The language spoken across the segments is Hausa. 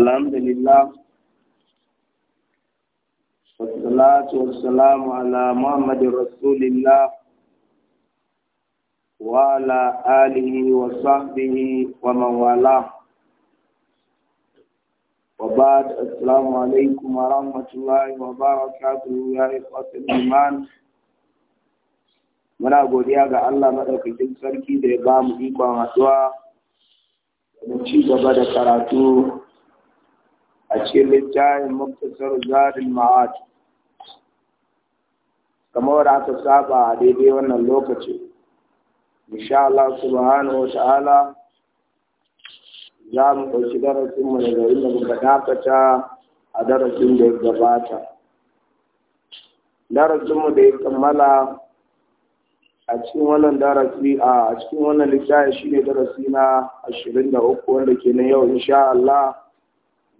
الحمد لله والصلاة والسلام على محمد رسول الله وعلى آله وصحبه ومن والاه وبعد السلام عليكم ورحمة الله وبركاته يا إخوة الإيمان muna godiya ga Allah maɗaukakin sarki da ya ba mu ikon haɗuwa da ci gaba da karatu a cikin littafin muktasar zarin ma'ad kamar da aka saba a daidai wannan lokaci insha Allah subhanahu wa ta'ala za mu ɗauki darasin mu daga inda muka dakata a darasin da ya gabata darasin da ya kammala a cikin wannan darasi a cikin wannan littafi shine darasi na 23 wanda ke yau insha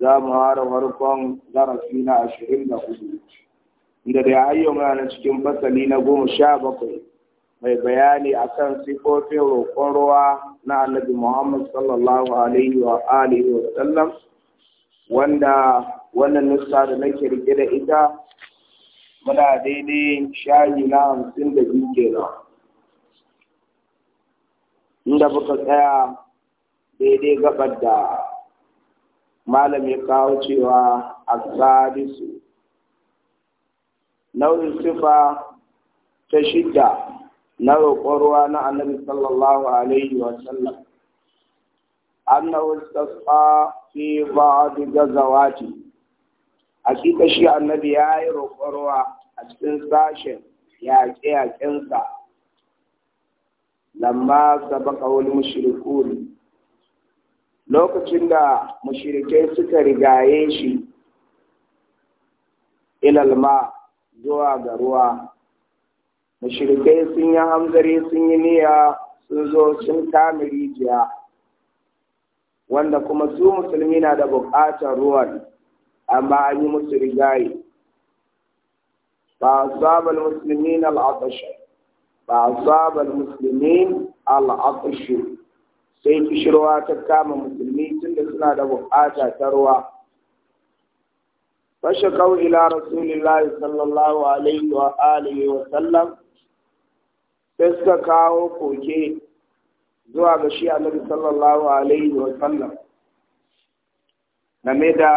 za mu hara farkon darasi na ashirin da hudu inda da ayyo na cikin fasali na goma sha bakwai mai bayani akan sifofin roƙon ruwa na annabi muhammad sallallahu alaihi wa alihi wa sallam wanda wannan nusa da nake rike da ita muna daidai shayi na hamsin da biyu kenan inda muka tsaya daidai gabar da malam ya kawo cewa asadisu nau'in sifa ta shidda na roƙon ruwa na annabi sallallahu alaihi wa sallam annahu istasqa fi ba'd ce. hakika shi annabi ya yi roƙon ruwa a cikin sashen yaƙe-yaƙensa lamma sabaka wani mushrikun lokacin da mushirikai suka rigaye shi ilalma zuwa ga ruwa mushirikai sun yi hamzari sun yi niyya sun zo sun kame rijiya wanda kuma su musulmi na da buƙatar ruwan amma an yi musu rigaye ba sabal musulmin al'atashi ba sabal musulmin al'atashi sai kishirwa ta kama musulmi tunda suna da bukata ta ruwa Fashe fashakau ila rasulillahi sallallahu alaihi wa alihi wa sallam sai suka kawo koke zuwa ga shi annabi sallallahu alaihi wa sallam game da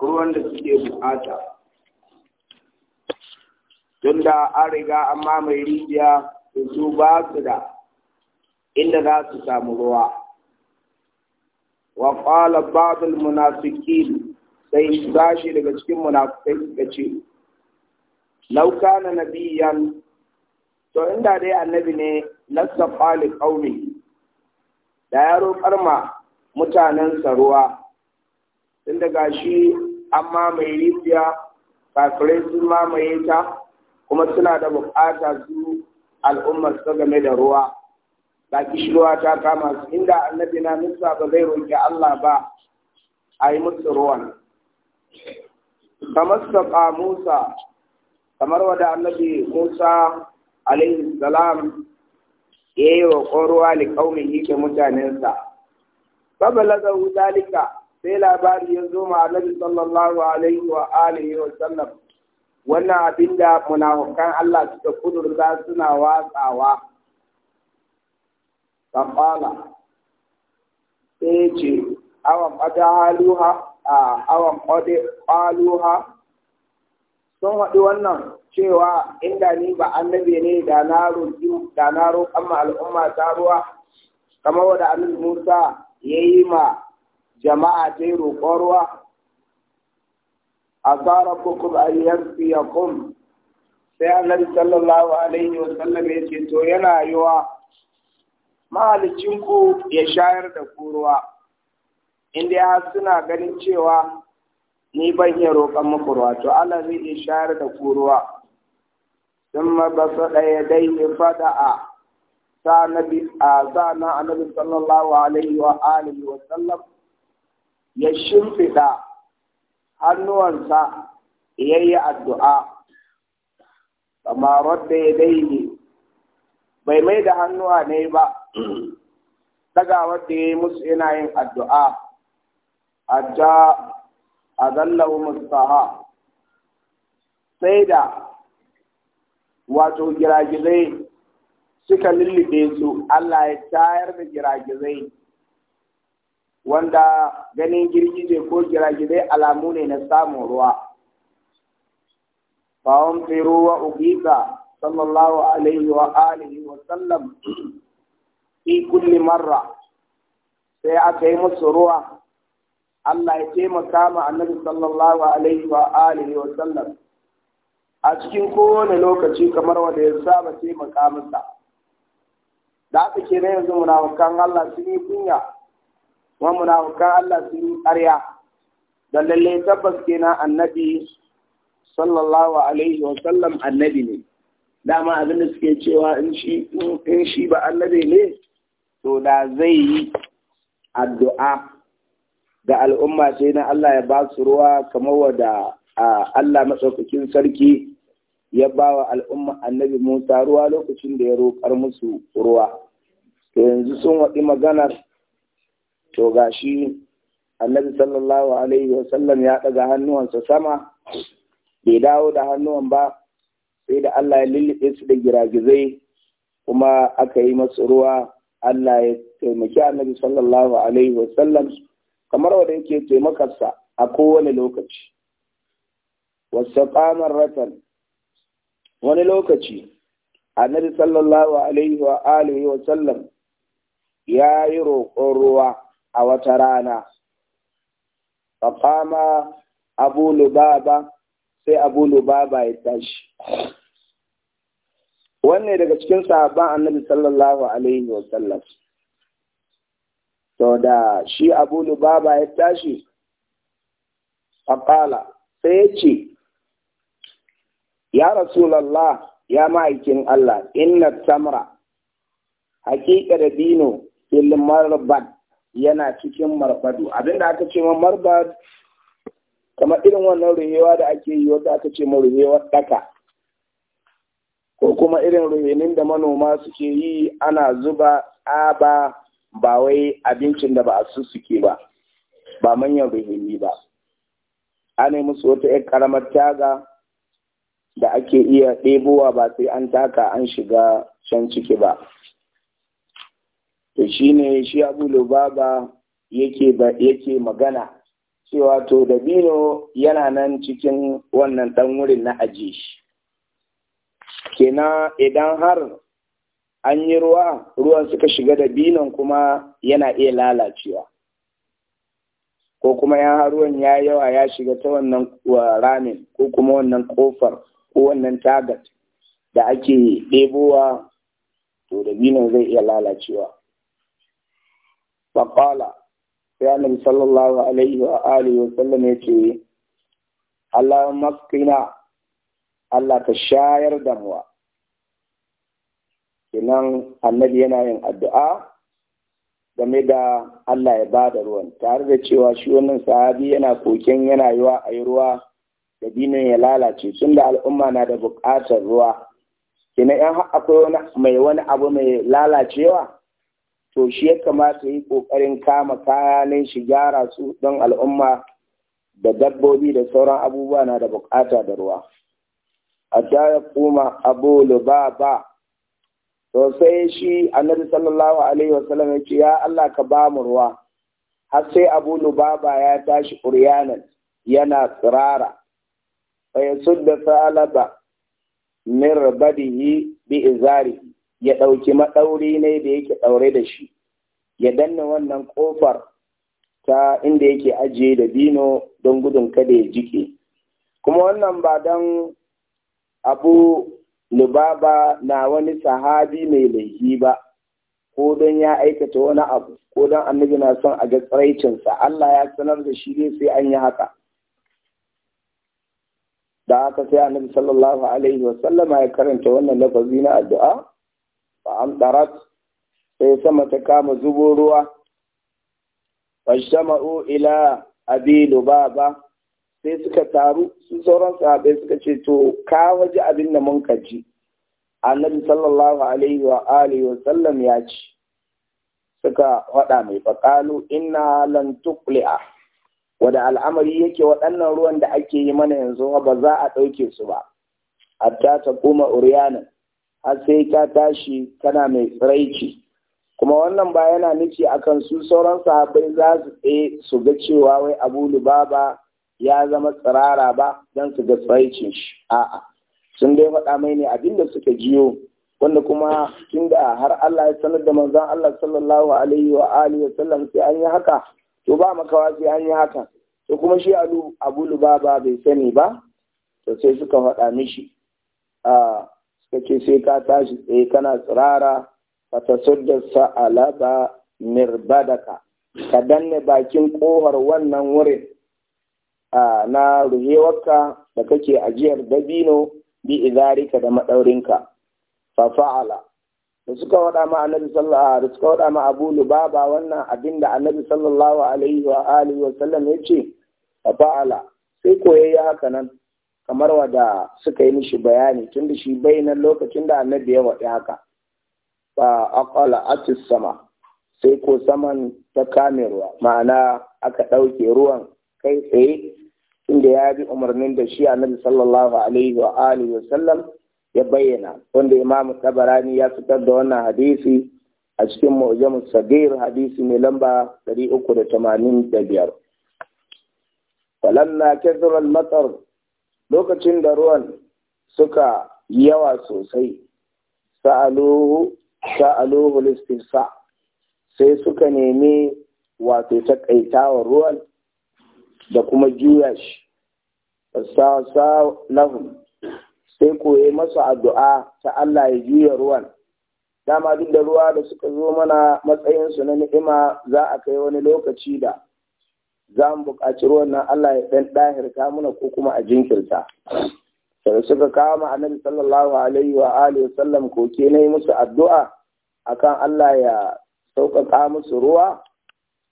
ruwan da suke bukata tunda an riga amma mai rijiya su ba su da inda za su samu ruwa wa qala ba'd al munafiqin sai bashi daga cikin munafikai suka ce law kana nabiyan to inda dai annabi ne lasta qali qaumi da ya roƙar ma mutanen ruwa tun daga shi an mamaye rijiya kafirai sun mamaye ta kuma suna da bukata su al'ummar su game da ruwa ba kishirwa ta kama su inda annabi na musa ba zai roƙi Allah ba a yi musu ruwan kamar saƙa musa kamar wada annabi musa alaihi salam ya yi wa ƙoruwa liƙaunin yake mutanensa babala da dalika sai labari ya zo ma annabi sallallahu alaihi wa alihi wa sallam wannan abin da munafukan Allah suka kudurta suna watsawa faƙala sai ce awan ƙada haluha a awan ƙade ƙaluha sun haɗu wannan cewa inda ni ba annabi ne da na roƙi da na roƙan ma al'umma ta ruwa kamar wanda annabi Musa ya yi ma jama'a ta yi roƙon ruwa a tsara kukum a yanzu ya kum sai annabi sallallahu alaihi wa sallam ya ce to yana yiwa mahalicinku ya shayar da kuruwa inda ya suna ganin cewa ni ban iya roƙon muku ruwa to Allah zai iya shayar da kuruwa ruwa sun mabasa ɗaya dai ne fada a a sana annabi sallallahu alaihi wa alihi wa sallam ya shimfiɗa hannuwansa ya yi addu'a Kamar wadda ya daidai bai mai da hannuwa ne ba Daga da ya yi musu yana yin addu'a a ja a zallahu mustaha sai da wato giragizai suka lullube su Allah ya tayar da giragizai wanda ganin girgije ko giragizai alamu ne na samun ruwa. Fawon firuwa ugisa صلى الله عليه وآله وسلم في كل مرة سيأتي مسروا الله يتيم كام النبي صلى الله عليه وآله وسلم a cikin kowane lokaci kamar wanda ya saba taimaka masa da aka ke na yanzu munafukan Allah sun yi kunya kuma munafukan Allah sun yi ƙarya da lalle tabbas kenan annabi sallallahu alaihi wa sallam annabi ne dama abinda suke cewa in shi ba annabe ne to da zai yi addu'a ga al'umma sai na Allah ya ba su ruwa kamar wada Allah matsaukakin sarki ya ba wa al'umma annabi Musa ruwa lokacin da ya roƙar musu ruwa to yanzu sun waɗi maganar to gashi annabi sallallahu alaihi wasallam ya ɗaga hannuwansa sama bai dawo da hannuwan ba sai da Allah ya lullube su da giragizai kuma aka yi masu ruwa Allah ya taimaki annabi sallallahu alaihi sallam. kamar wanda yake taimakarsa a kowane lokaci wasu kamar ratan wani lokaci annabi sallallahu alaihi wa alihi wa sallam ya yi roƙon ruwa a wata rana faƙama abu lubaba sai abu lubaba ya tashi wannan daga cikin sahabban annabi sallallahu alaihi wa sallam to da shi abu lubaba ya tashi faƙala sai ya ce ya rasulallah ya ma'aikin Allah inna tamra haƙiƙa da dino fil marbad yana cikin marbadu abinda aka ce ma marbad kamar irin wannan ruhewa da ake yi wanda aka ce ma ruhewar daka ko kuma irin rumenin da manoma suke yi ana zuba tsaba ba wai abincin da ba a su suke ba ba manyan rumeni ba ana musu wata 'yar karamar taga da ake iya ɗebowa ba sai an taka an shiga can ciki ba to ne shi abu yake magana cewa to dabino yana nan cikin wannan ɗan wurin na ajiye shi kenan idan har an yi ruwa ruwan suka shiga da binan kuma yana iya lalacewa ko kuma ya ruwan ya yawa ya shiga ta wannan ramin ko kuma wannan kofar ko wannan tagat da ake ɗebowa to da binan zai iya lalacewa faƙala ya annabi sallallahu alaihi wa alihi wa sallam ya ce Allah maskina Allah ka shayar da muwa kenan annabi yana yin addu'a game da Allah ya ba da ruwan tare da cewa shi wannan sahabi yana koken yana wa a yi ruwa da dinin ya lalace tun da al'umma na da buƙatar ruwa kenan in akwai wani mai wani abu mai lalacewa to shi ya kamata yi ƙoƙarin kama kayanin shi gyara su don al'umma da dabbobi da sauran abubuwa na da buƙata da ruwa. Adda ya kuma abu lubaba to sai shi annabi sallallahu alaihi wasallam ya ce ya Allah ka ba mu ruwa har sai Abu Lubaba ya tashi uryanan yana tsirara fa yasudda salaba min rabadihi bi izari ya ɗauki maɗauri ne da yake ɗaure da shi ya danna wannan ƙofar ta inda yake ajiye da bino don gudun kada ya jike kuma wannan ba dan abu Lubaba na wani sahabi mai laifi ba, ko don ya aikata wani abu, ko don annabi na son a ga tsaraicinsa, Allah ya sanar da shi ne sai an yi haka. Da haka sai annabi sallallahu Alaihi wasallama ya karanta wannan lafazi na addu'a, ba amtarat sai sama ta kama zubo ruwa, fashama'u ila abi Lubaba. sai suka taru su sauran sahabai suka ce to ka waje abin da mun kaji annabi sallallahu alaihi wa alihi wa sallam ya ci suka faɗa mai faƙalu inna lan tuqli'a wada al'amari yake waɗannan ruwan da ake yi mana yanzu ba za a ɗauke su ba hatta ta kuma uriyanin har sai ka tashi kana mai tsiraici kuma wannan ba yana nufi akan su sauran sahabbai za su tsaye su ga cewa wai abu lubaba ya zama tsirara ba don su ga tsaicin shi a'a sun dai faɗa mai ne abin da suka jiyo wanda kuma tun da har Allah ya sanar da manzon Allah sallallahu alaihi wa alihi wa sallam sai an yi haka to ba makawa sai an yi haka to kuma shi alu abu lubaba bai sani ba to sai suka faɗa mishi a suka ce sai ka tashi tsaye kana tsirara ka tasudda sa'alaba mirbadaka ka danne bakin kohar wannan wurin na ruhewarka da kake ajiyar dabino bi izarika da maɗaurinka fa fa'ala da suka waɗa ma annabi sallallahu da suka waɗa ma abu lubaba wannan abin da annabi sallallahu alaihi wa alihi wa sallam ya ce fa fa'ala sai koyayya haka nan kamar wada suka yi mishi bayani tun da shi bayanan lokacin da annabi ya waɗi haka fa aqala atis sama sai ko saman ta kame ma'ana aka ɗauke ruwan kai tsaye inda ya bi umarnin da shi annabi sallallahu alaihi wa alihi wa sallam ya bayyana wanda imamu tabarani ya fitar da wannan hadisi a cikin mu'jamus sagir hadisi mai lamba 385 walamma kathura al-matar lokacin da ruwan suka yawa sosai sa'aluhu sa'aluhu sai suka nemi wato takaitawar ruwan da kuma juya shi sa lahum sai koye masa addu'a ta Allah ya juya ruwan dama duk da ruwa da suka zo mana matsayinsu na ni'ima za a kai wani lokaci da za mu buƙaci ruwan nan Allah ya ɗan ɗahirta muna ko kuma a jinkirta sai suka kama annabi sallallahu alaihi wa alihi sallam koke na yi musu addu'a akan Allah ya sauƙaƙa musu ruwa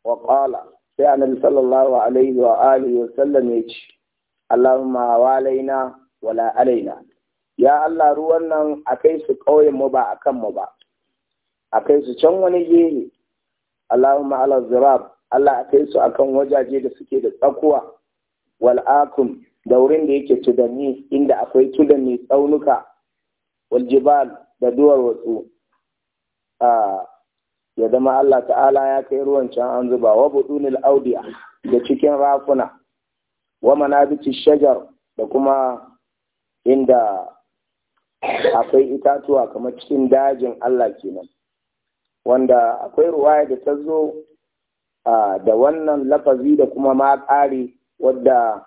wa qala sai annabi sallallahu alaihi wa alihi wa sallam ya ce Allahumma walaina wala alaina ya Allah ruwan nan akai su kauyen mu ba akan mu ba akai su can wani gehe Allahumma ala zirab Allah akai su akan wajaje da suke da tsakuwa wal akum da wurin da yake tudani inda akwai tudani tsaunuka wal jibal da duwar wasu ah, ya zama Allah ta'ala ya kai ruwan can an zuba wa budunil audiya da cikin rafuna wa manabici shajar da kuma inda akwai itatuwa kamar cikin dajin Allah kenan wanda akwai ruwaya da ta zo da wannan lafazi da kuma ma ƙari wadda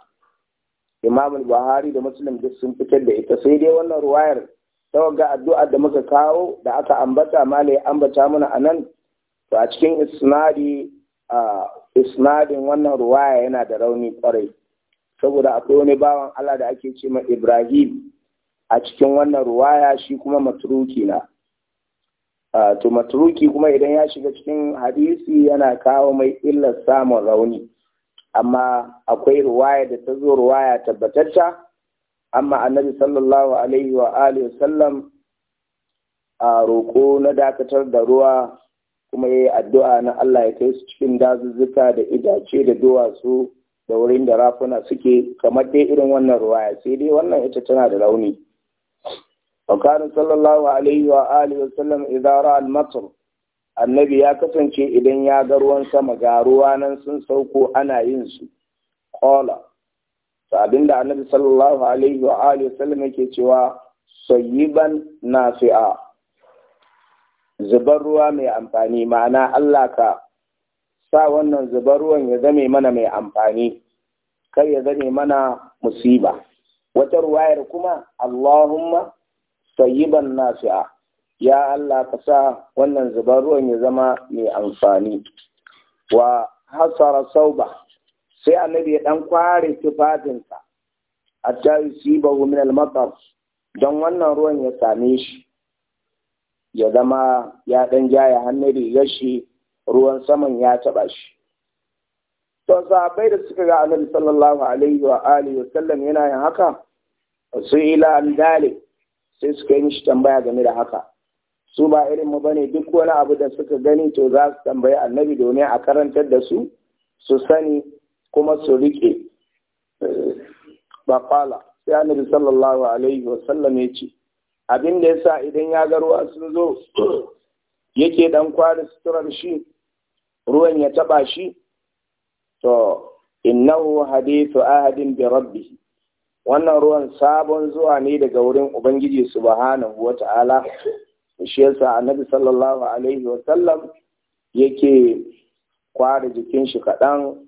Imam Buhari da Muslim duk sun fitar da ita sai dai wannan ruwayar ta ga addu'a da muka kawo da aka ambata malai ambata mana anan to a cikin isnadi isnadin wannan ruwaya yana da rauni kwarai saboda akwai wani bawan Allah da ake ce ma Ibrahim a cikin wannan ruwaya shi kuma matruki na to matruki kuma idan ya shiga cikin hadisi yana kawo mai illar samun rauni amma akwai ruwaya da ta zo ruwaya tabbatacca amma annabi sallallahu alaihi wa alihi sallam a roƙo na dakatar da ruwa kuma ya yi addu'a na Allah ya kai su cikin dazuzzuka da idace da duwatsu da wurin da rafuna suke kamar dai irin wannan ruwaya sai dai wannan ita tana da launi وكان صلى الله عليه wa وسلم إذا al المطر annabi ya kasance idan ya ga ruwan sama ga ruwa nan sun sauko ana yin su kola sabin da annabi sallallahu alaihi wa alihi wasallam yake cewa sayyiban nafi'a zubar ruwa mai amfani ma'ana Allah ka sa wannan zubar ruwan ya zame mana mai amfani kar ya zame mana musiba wata ruwayar kuma Allahumma sayyiban nasi'a ya Allah ka sa wannan zubar ruwan ya zama mai amfani wa hasara sauba sai annabi ya ɗan kware tufafinsa hatta yusibahu min al-matar don wannan ruwan ya same shi ya zama ya ɗan jaya hannu rigar shi ruwan saman ya taɓa shi. To sahabbai da suka ga annabi sallallahu alaihi wa alihi wa sallam yana yin haka su ila an sai suka yi mishi tambaya game da haka. Su ba irin mu bane duk wani abu da suka gani to za su tambayi annabi domin a karantar da su su sani kuma su riƙe. Baƙala sai annabi sallallahu alaihi wa sallam ya ce abin da yasa idan ya ga ruwa sun zo yake dan kwari suturar shi ruwan ya taba shi to innahu hadithu ahadin bi rabbi. wannan ruwan sabon zuwa ne daga wurin ubangiji subhanahu wata'ala shi yasa annabi sallallahu alaihi wa sallam yake kwari jikin shi kadan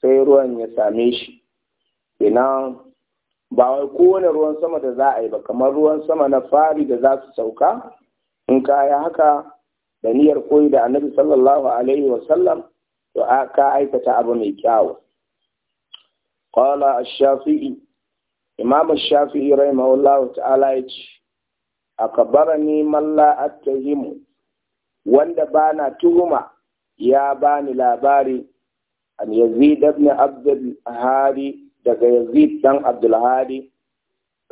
sai ruwan ya same shi ina ba wai kowane ruwan sama da za a yi ba kamar ruwan sama na fari da za su sauka in ka yi haka da niyyar koyi da annabi sallallahu alaihi wa sallam to ka aikata abu mai kyawu qala ash-shafi'i imam ash-shafi'i rahimahullahu ta'ala yace akabarani man la attahimu wanda bana tuhuma ya bani labari an yazid ibn abd al-hari daga Yazid dan Abdulhadi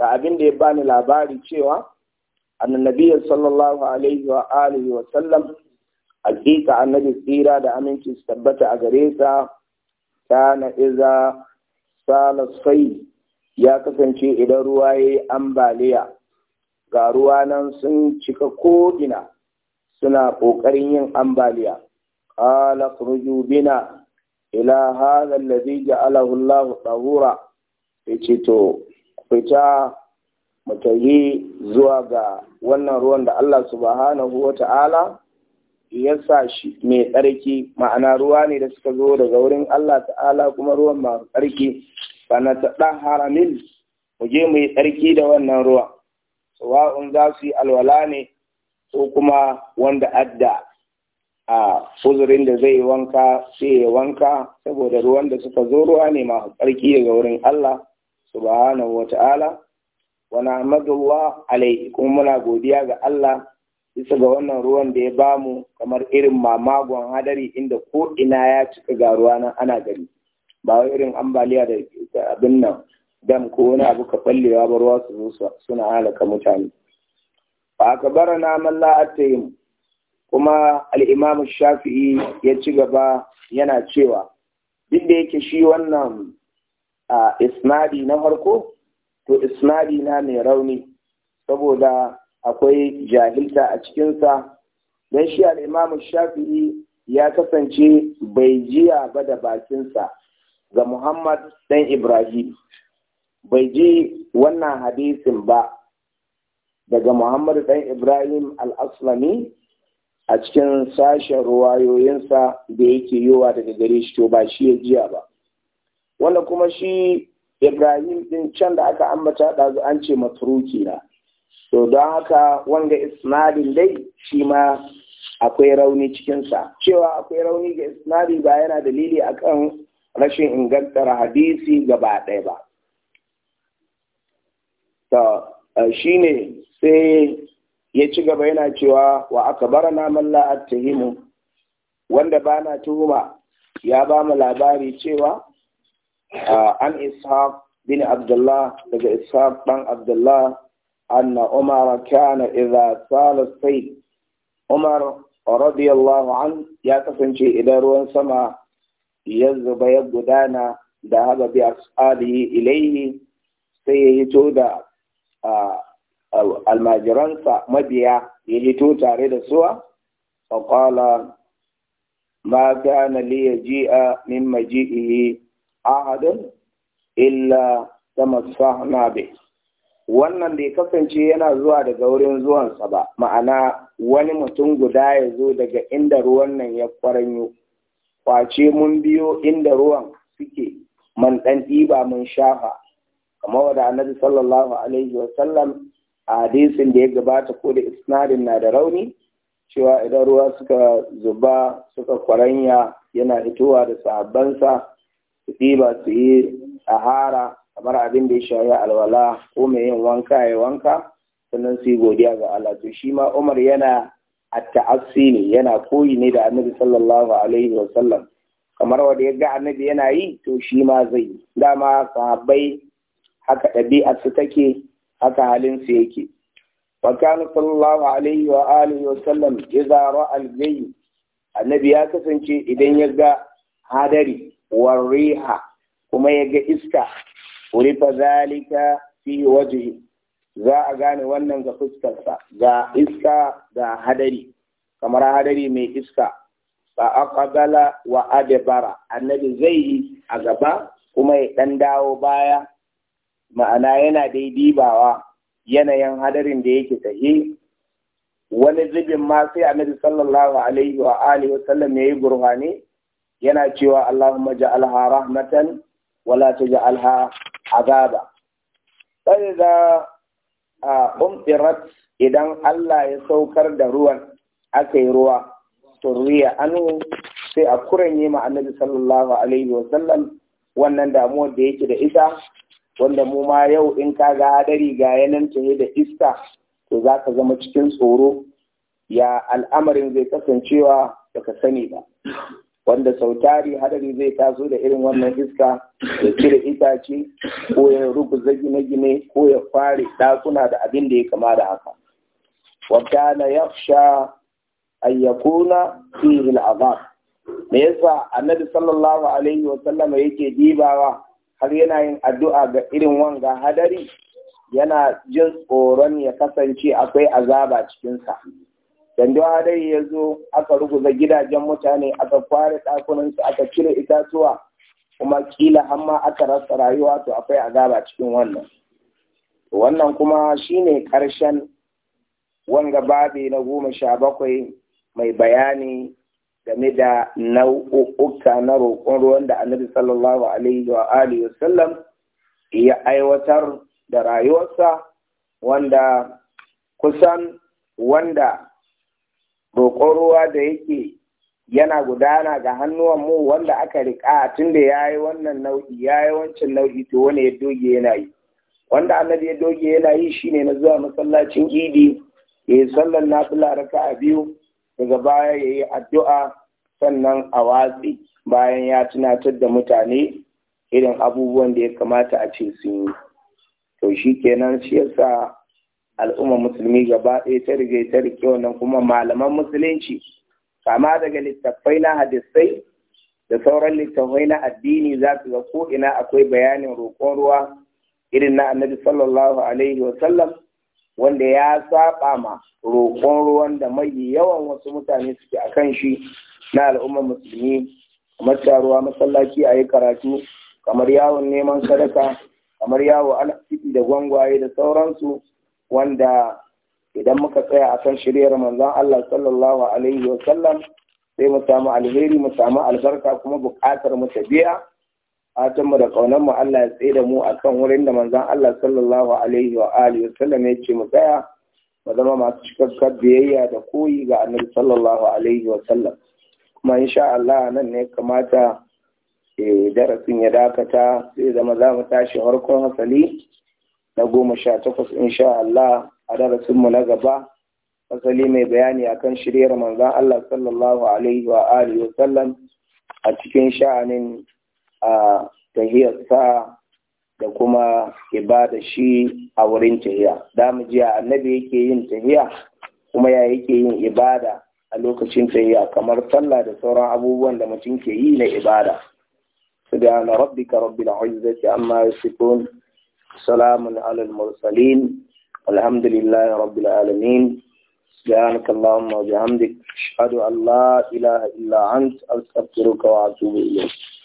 ga abin da ya bani labari cewa annabi sallallahu alaihi wa alihi wa sallam hakika annabi tsira da aminci su tabbata a gare sa kana iza sai ya kasance idan ruwa yayi ambaliya ga ruwa nan sun cika ko'ina suna ƙoƙarin yin ambaliya khruju bina ila hadha alladhi ja'alahu Allah tahura yace to fita mu zuwa ga wannan ruwan da Allah subhanahu wa ta'ala ya sa shi mai tsarki ma'ana ruwa ne da suka zo daga wurin Allah ta'ala kuma ruwan masu tsarki Bana ta taɗa haramin mu je mu yi tsarki da wannan ruwa sawa'un za su yi alwala ne ko kuma wanda adda a uzurin da zai wanka sai ya wanka saboda ruwan da suka zo ruwa ne masu tsarki daga wurin Allah subhanahu wa ta'ala wa na'madullah alaihi kuma muna godiya ga Allah bisa ga wannan ruwan da ya bamu kamar irin mamagon hadari inda ko ina ya cika ga ruwa nan ana gari ba wai irin ambaliya da abin nan dam ko wani abu ka fallewa ba ruwa su suna halaka mutane fa akbarana man la kuma al'imamu shafi'i ya ci gaba yana cewa duk da yake shi wannan isnadi na farko to isnadi na mai rauni saboda akwai jahilta a cikinsa don shi al'imamu shafi'i ya kasance bai jiya ba da bakinsa ga muhammad ɗan ibrahim bai ji wannan hadisin ba daga Muhammadu ɗan ibrahim al-aslami a cikin sashen ruwayoyinsa da yake yiwa daga gare shi to ba shi ya jiya ba wanda kuma shi ibrahim din can da aka ambata ɗazu an ce maturuki na to don haka wanda isnadin dai shi ma akwai rauni cikinsa cewa akwai rauni ga isnadi ba yana dalili akan rashin ingantar hadisi gaba ɗaya ba to shine sai ya ci gaba yana cewa wa aka bara naman ta himu? wanda ba na tuhuma ya ba mu labari cewa an ishaq bin abdullah daga ishaq ɗan abdullah anna umar kana idza sala sai umar radiyallahu an ya kasance idan ruwan sama ya zuba ya gudana da haga bi ashabihi ilayhi sai ya hito da almajiransa mabiya ya hito tare da suwa faƙala ma kana li yaji'a min maji'ihi ahadun illa tamassahna bi wannan bai kasance yana zuwa daga wurin zuwansa ba ma'ana wani mutum guda ya zo daga inda ruwan nan ya kwaranyo kwace mun biyo inda ruwan suke man ɗan ɗiba mun shafa kamar wadda annabi sallallahu alaihi wa sallam. a hadisin da ya gabata ko da isnadin na da rauni cewa idan ruwa suka zuba suka kwaranya yana fitowa da sahabbansa su ɗiba su yi tsahara kamar abin da ya shayi alwala ko mai yin wanka ya wanka sannan su yi godiya ga Allah to shi ma Umar yana a ta'assi ne yana koyi ne da annabi sallallahu alaihi wa sallam kamar wanda ya ga annabi yana yi to shi ma zai dama sahabbai haka ɗabi'a su take haka halin su yake fakana sallallahu alaihi wa alihi wa sallam idza ra'a al annabi ya kasance idan ya ga hadari war riha kuma ya ga iska urifa zalika fi wajhi za a gane wannan ga fuskarsa ga iska ga hadari kamar hadari mai iska fa aqbala wa adbara annabi zai yi a gaba kuma ya dan dawo baya ma'ana yana dai dibawa yanayin hadarin da yake tahe wani zubin ma sai annabi sallallahu alaihi wa alihi sallam yayi gurhane yana cewa Allahumma ja'alha rahmatan wala taj'alha azaba sai da umtirat idan Allah ya saukar da ruwan aka yi ruwa turriya anu sai a kuranye ma annabi sallallahu alaihi wa sallam wannan damuwar da yake da ita wanda mu ma yau in ka ga hadari ga yanan tahe da iska to za ka zama cikin tsoro ya al'amarin zai kasancewa baka sani ba wanda sautari hadari zai taso da irin wannan iska ya cire itace ko ya rubuza gine-gine ko ya fare ɗakuna da abin da ya kama da haka na ya sha ayyakuna fi al'azab me yasa annabi sallallahu alaihi wa sallama yake dibawa har yana yin addu'a ga irin wanga hadari yana jin tsoron ya kasance akwai azaba cikinsa. Yanzu hadari ya zo aka ruguza gidajen mutane aka kware ɗakunansu aka cire itatuwa kuma ƙila, hamma aka rasa rayuwa to akwai azaba cikin wannan. Wannan kuma shine ƙarshen wanga babi na goma sha bakwai mai bayani game da nau'uka na roƙon ruwan da annabi sallallahu alaihi wa alihi wasallam ya aiwatar da rayuwarsa wanda kusan wanda roƙon ruwa da yake yana gudana ga hannuwan mu wanda aka riƙa tun da ya yi wannan nau'i ya yi wancan nau'i to wani ya doge yana yi wanda annabi ya doge yana yi shine na zuwa masallacin idi ya yi sallar nafila raka'a biyu daga baya ya yi addu'a sannan a watsi bayan ya tunatar da mutane irin abubuwan da ya kamata a ce sun yi to shi kenan shi yasa al'umma musulmi gaba ɗaya ta rige ta rike wannan kuma malaman musulunci kama daga littattafai na hadisai da sauran littattafai na addini za su ga ko'ina akwai bayanin roƙon ruwa irin na annabi sallallahu alaihi wa sallam wanda ya saba ma roƙon ruwan da mai yawan wasu mutane suke a kan shi na al'ummar musulmi kamar taruwa masallaci a yi karatu kamar yawon neman sadaka kamar yawo alfiti da gwangwaye da sauransu wanda idan muka tsaya a kan shiryar manzon Allah sallallahu alaihi wa sallam sai mu samu alheri mu samu albarka kuma bukatar mu ta biya fatanmu da ƙaunarmu Allah ya tsaye da mu a kan wurin da manzan Allah sallallahu alaihi wa alihi sallam ya ce mu tsaya mu zama masu cikakkar biyayya da koyi ga annabi sallallahu alaihi sallam kuma insha Allah nan ne kamata eh, darasin ya dakata sai zama za mu tashi harkon hasali na goma sha takwas insha Allah a darasinmu na gaba hasali mai bayani akan shiryar manzan Allah sallallahu alaihi wa alihi sallam a cikin sha'anin a tahiyarsa da kuma ibada shi a wurin tahiya da mu ji annabi yake yin tahiya kuma ya yake yin ibada a lokacin tahiya kamar sallah da sauran abubuwan da mutum ke yi na ibada subhana rabbika rabbil izzati amma yasifun salamun alal mursalin alhamdulillahi rabbil alamin سبحانك اللهم وبحمدك أشهد أن لا إله إلا أنت أستغفرك وأتوب إليك